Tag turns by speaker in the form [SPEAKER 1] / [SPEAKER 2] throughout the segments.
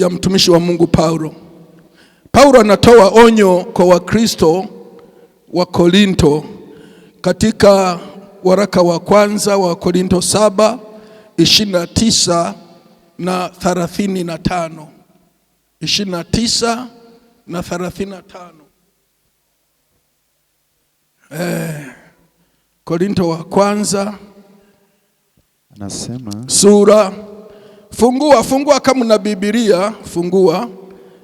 [SPEAKER 1] ya mtumishi wa Mungu Paulo. Paulo anatoa onyo kwa Wakristo wa Korinto katika waraka wa kwanza wa Korinto saba na tisa na na tano na tisa na na tano eh, Korinto wa kwanza anasema sura fungua fungua, kama na Biblia fungua.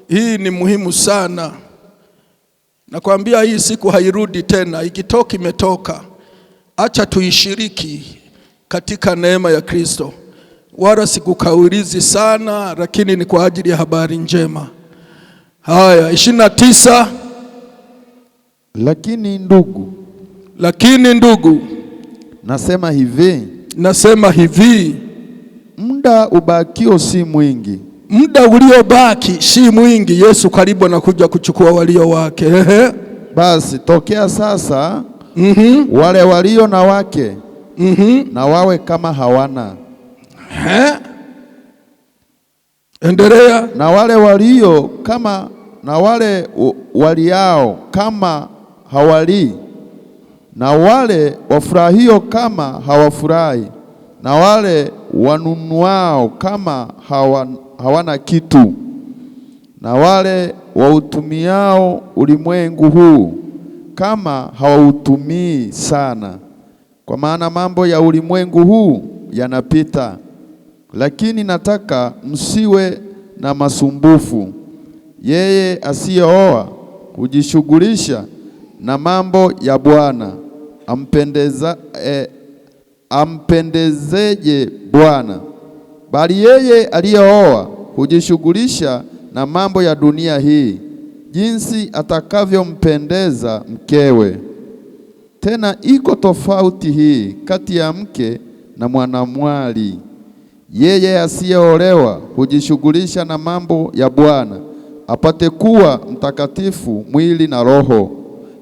[SPEAKER 1] Hii ni muhimu sana, nakwambia hii siku hairudi tena. Ikitoka imetoka, acha tuishiriki katika neema ya Kristo. Wala sikukaulizi sana, lakini ni kwa ajili ya habari njema. Haya, ishirini na tisa.
[SPEAKER 2] Lakini ndugu,
[SPEAKER 1] lakini ndugu,
[SPEAKER 2] nasema hivi,
[SPEAKER 1] nasema hivi
[SPEAKER 2] Muda ubakio si mwingi,
[SPEAKER 1] muda uliobaki si mwingi. Yesu karibu anakuja kuchukua walio wake.
[SPEAKER 2] Basi tokea sasa
[SPEAKER 1] mm -hmm.
[SPEAKER 2] wale walio na wake mm -hmm. na wawe kama hawana
[SPEAKER 1] He? Endelea.
[SPEAKER 2] Na wale walio kama na wale waliao kama hawalii na wale wafurahio kama hawafurahi na wale wanunuao kama hawan, hawana kitu na wale wautumiao ulimwengu huu kama hawautumii sana, kwa maana mambo ya ulimwengu huu yanapita. Lakini nataka msiwe na masumbufu. Yeye asiyeoa hujishughulisha na mambo ya Bwana ampendeza, eh, ampendezeje Bwana, bali yeye aliyeoa hujishughulisha na mambo ya dunia hii, jinsi atakavyompendeza mkewe. Tena iko tofauti hii kati ya mke na mwanamwali. Yeye asiyeolewa hujishughulisha na mambo ya Bwana apate kuwa mtakatifu mwili na roho,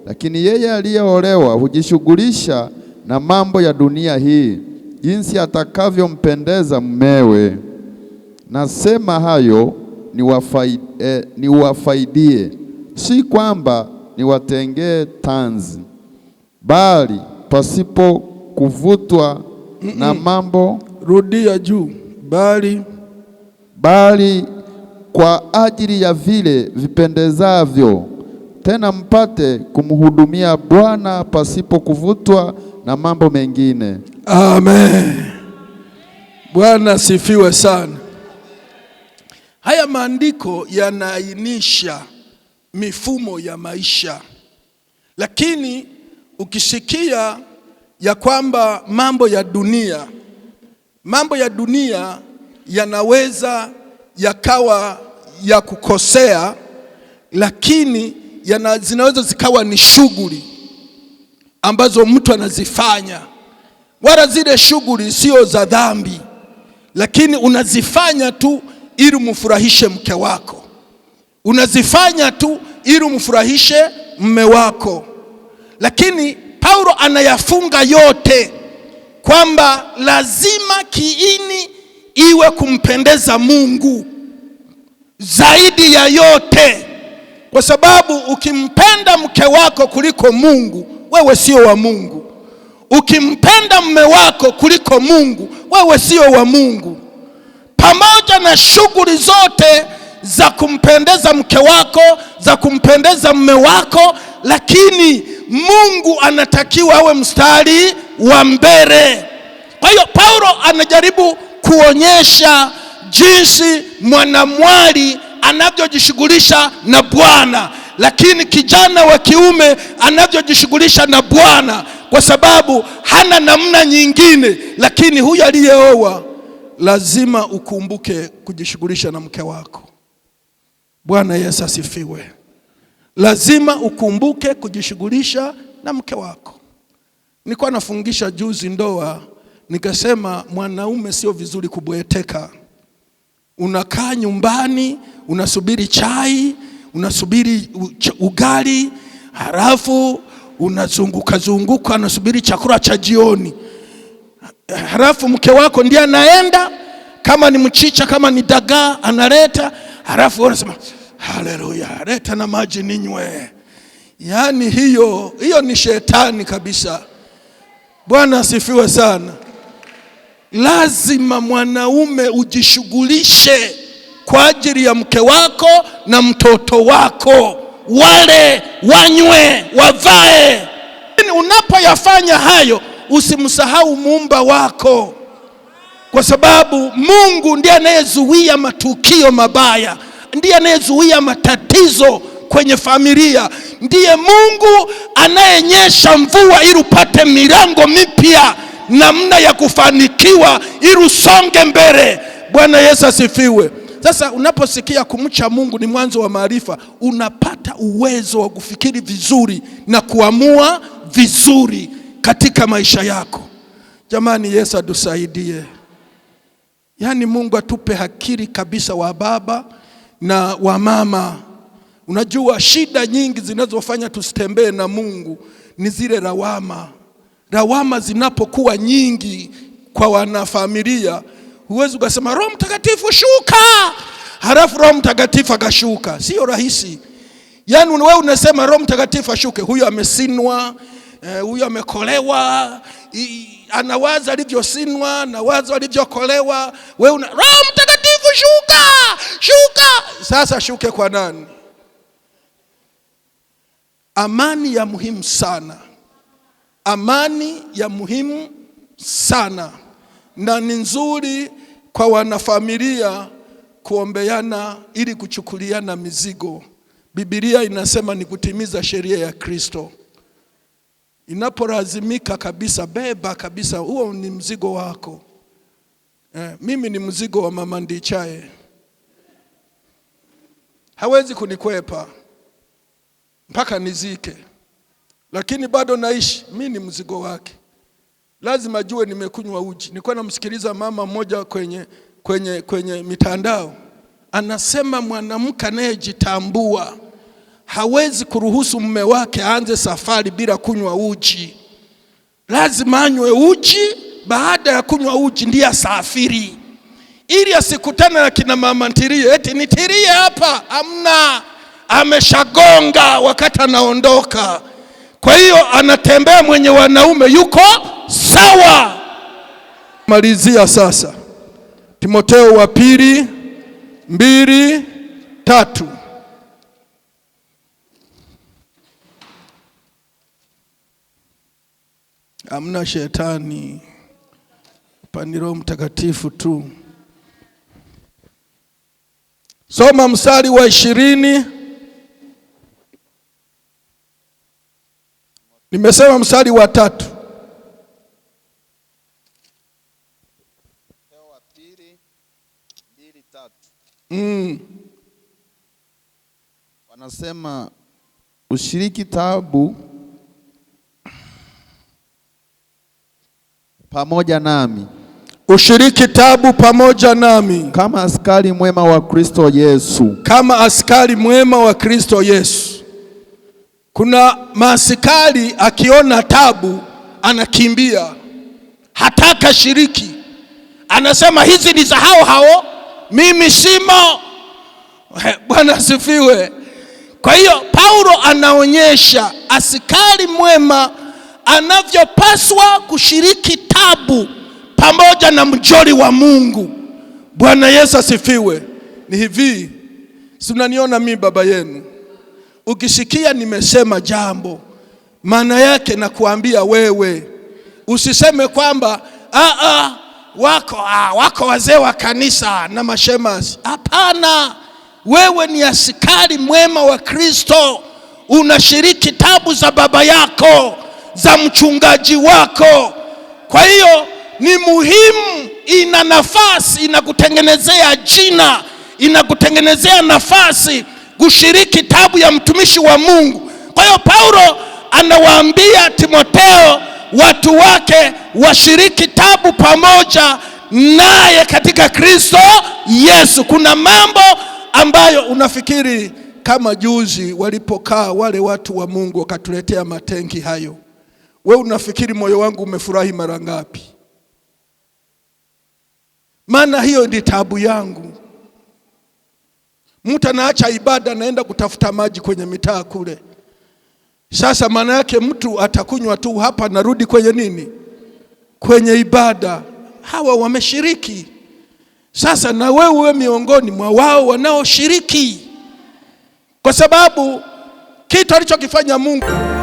[SPEAKER 2] lakini yeye aliyeolewa hujishughulisha na mambo ya dunia hii, jinsi atakavyompendeza mmewe. Nasema hayo niwafaidie, eh, niwafaidie, si kwamba niwatengee tanzi, bali pasipo kuvutwa na mambo
[SPEAKER 1] rudia juu,
[SPEAKER 2] bali bali kwa ajili ya vile vipendezavyo, tena mpate kumhudumia Bwana pasipo kuvutwa na mambo mengine.
[SPEAKER 1] Amen. Bwana sifiwe sana. Haya maandiko yanaainisha mifumo ya maisha, lakini ukisikia ya kwamba mambo ya dunia, mambo ya dunia yanaweza yakawa ya kukosea, lakini yana, zinaweza zikawa ni shughuli ambazo mtu anazifanya, wala zile shughuli sio za dhambi, lakini unazifanya tu ili umfurahishe mke wako, unazifanya tu ili umfurahishe mme wako. Lakini Paulo anayafunga yote kwamba lazima kiini iwe kumpendeza Mungu zaidi ya yote, kwa sababu ukimpenda mke wako kuliko Mungu wewe sio wa Mungu. Ukimpenda mme wako kuliko Mungu, wewe sio wa Mungu. Pamoja na shughuli zote za kumpendeza mke wako, za kumpendeza mme wako, lakini Mungu anatakiwa awe mstari wa mbele. Kwa hiyo Paulo anajaribu kuonyesha jinsi mwanamwali anavyojishughulisha na Bwana lakini kijana wa kiume anavyojishughulisha na Bwana kwa sababu hana namna nyingine. Lakini huyu aliyeoa lazima ukumbuke kujishughulisha na mke wako. Bwana Yesu asifiwe. Lazima ukumbuke kujishughulisha na mke wako. Nilikuwa nafungisha juzi ndoa, nikasema mwanaume sio vizuri kubweteka. Unakaa nyumbani unasubiri chai unasubiri ugali, halafu unazunguka zunguka, unasubiri chakula cha jioni, halafu mke wako ndiye anaenda, kama ni mchicha, kama ni dagaa analeta, halafu unasema haleluya, leta na maji ninywe. Yaani hiyo hiyo ni shetani kabisa. Bwana asifiwe sana. Lazima mwanaume ujishughulishe kwa ajili ya mke wako na mtoto wako, wale wanywe, wavae. Unapoyafanya hayo, usimsahau muumba wako, kwa sababu Mungu ndiye anayezuia matukio mabaya, ndiye anayezuia matatizo kwenye familia, ndiye Mungu anayenyesha mvua ili upate milango mipya, namna ya kufanikiwa ili usonge mbele. Bwana Yesu asifiwe. Sasa unaposikia kumcha Mungu ni mwanzo wa maarifa, unapata uwezo wa kufikiri vizuri na kuamua vizuri katika maisha yako. Jamani, Yesu atusaidie. Yaani Mungu atupe akili kabisa wa baba na wa mama. Unajua shida nyingi zinazofanya tusitembee na Mungu ni zile lawama. Lawama zinapokuwa nyingi kwa wanafamilia Huwezi ukasema Roho Mtakatifu shuka, halafu Roho Mtakatifu akashuka. Sio rahisi. Yaani wewe unasema Roho Mtakatifu ashuke, huyo amesinwa, eh, huyo amekolewa, anawaza alivyosinwa na wazo alivyokolewa. Wewe una Roho Mtakatifu shuka, shuka. Sasa shuke kwa nani? Amani ya muhimu sana, amani ya muhimu sana na ni nzuri kwa wanafamilia kuombeana ili kuchukuliana mizigo. Biblia inasema ni kutimiza sheria ya Kristo. Inapolazimika kabisa, beba kabisa, huo ni mzigo wako. Eh, mimi ni mzigo wa mama Ndichaye, hawezi kunikwepa mpaka nizike, lakini bado naishi, mimi ni mzigo wake lazima ajue nimekunywa uji. Nilikuwa namsikiliza mama mmoja kwenye, kwenye, kwenye mitandao anasema mwanamke anayejitambua hawezi kuruhusu mume wake aanze safari bila kunywa uji. Lazima anywe uji, baada ya kunywa uji ndiye asafiri, ili asikutane na kina mama ntirie, eti nitirie hapa, amna, ameshagonga wakati anaondoka. Kwa hiyo anatembea mwenye wanaume yuko sawa. Malizia sasa timoteo wa pili mbili tatu. Amna shetani pani, Roho Mtakatifu tu. Soma mstari wa ishirini. Nimesema mstari wa tatu.
[SPEAKER 2] tatu mm. Wanasema ushiriki taabu pamoja nami,
[SPEAKER 1] ushiriki tabu pamoja nami,
[SPEAKER 2] kama askari mwema wa Kristo Yesu,
[SPEAKER 1] kama askari mwema wa Kristo Yesu. Kuna maaskari akiona tabu anakimbia, hataka shiriki, anasema hizi ni za hao hao mimi simo. Bwana asifiwe. Kwa hiyo Paulo anaonyesha askari mwema anavyopaswa kushiriki tabu pamoja na mjoli wa Mungu. Bwana Yesu asifiwe. Ni hivi, si mnaniona mimi baba yenu? Ukisikia nimesema jambo, maana yake nakuambia wewe, usiseme kwamba a ah, a ah, wako, ah, wako wazee wa kanisa na mashemas. Hapana, wewe ni askari mwema wa Kristo, unashiriki tabu za baba yako za mchungaji wako. Kwa hiyo ni muhimu, ina nafasi, inakutengenezea jina, inakutengenezea nafasi kushiriki tabu ya mtumishi wa Mungu. Kwa hiyo Paulo anawaambia Timotheo watu wake washiriki tabu pamoja naye katika Kristo Yesu. Kuna mambo ambayo unafikiri kama juzi walipokaa wale watu wa Mungu wakatuletea matengi hayo, we unafikiri moyo wangu umefurahi mara ngapi? Maana hiyo ndi tabu yangu. Mtu anaacha ibada, anaenda kutafuta maji kwenye mitaa kule. Sasa maana yake mtu atakunywa tu hapa, narudi kwenye nini? Kwenye ibada. Hawa wameshiriki. Sasa na wewe uwe miongoni mwa wao wanaoshiriki, kwa sababu kitu alichokifanya Mungu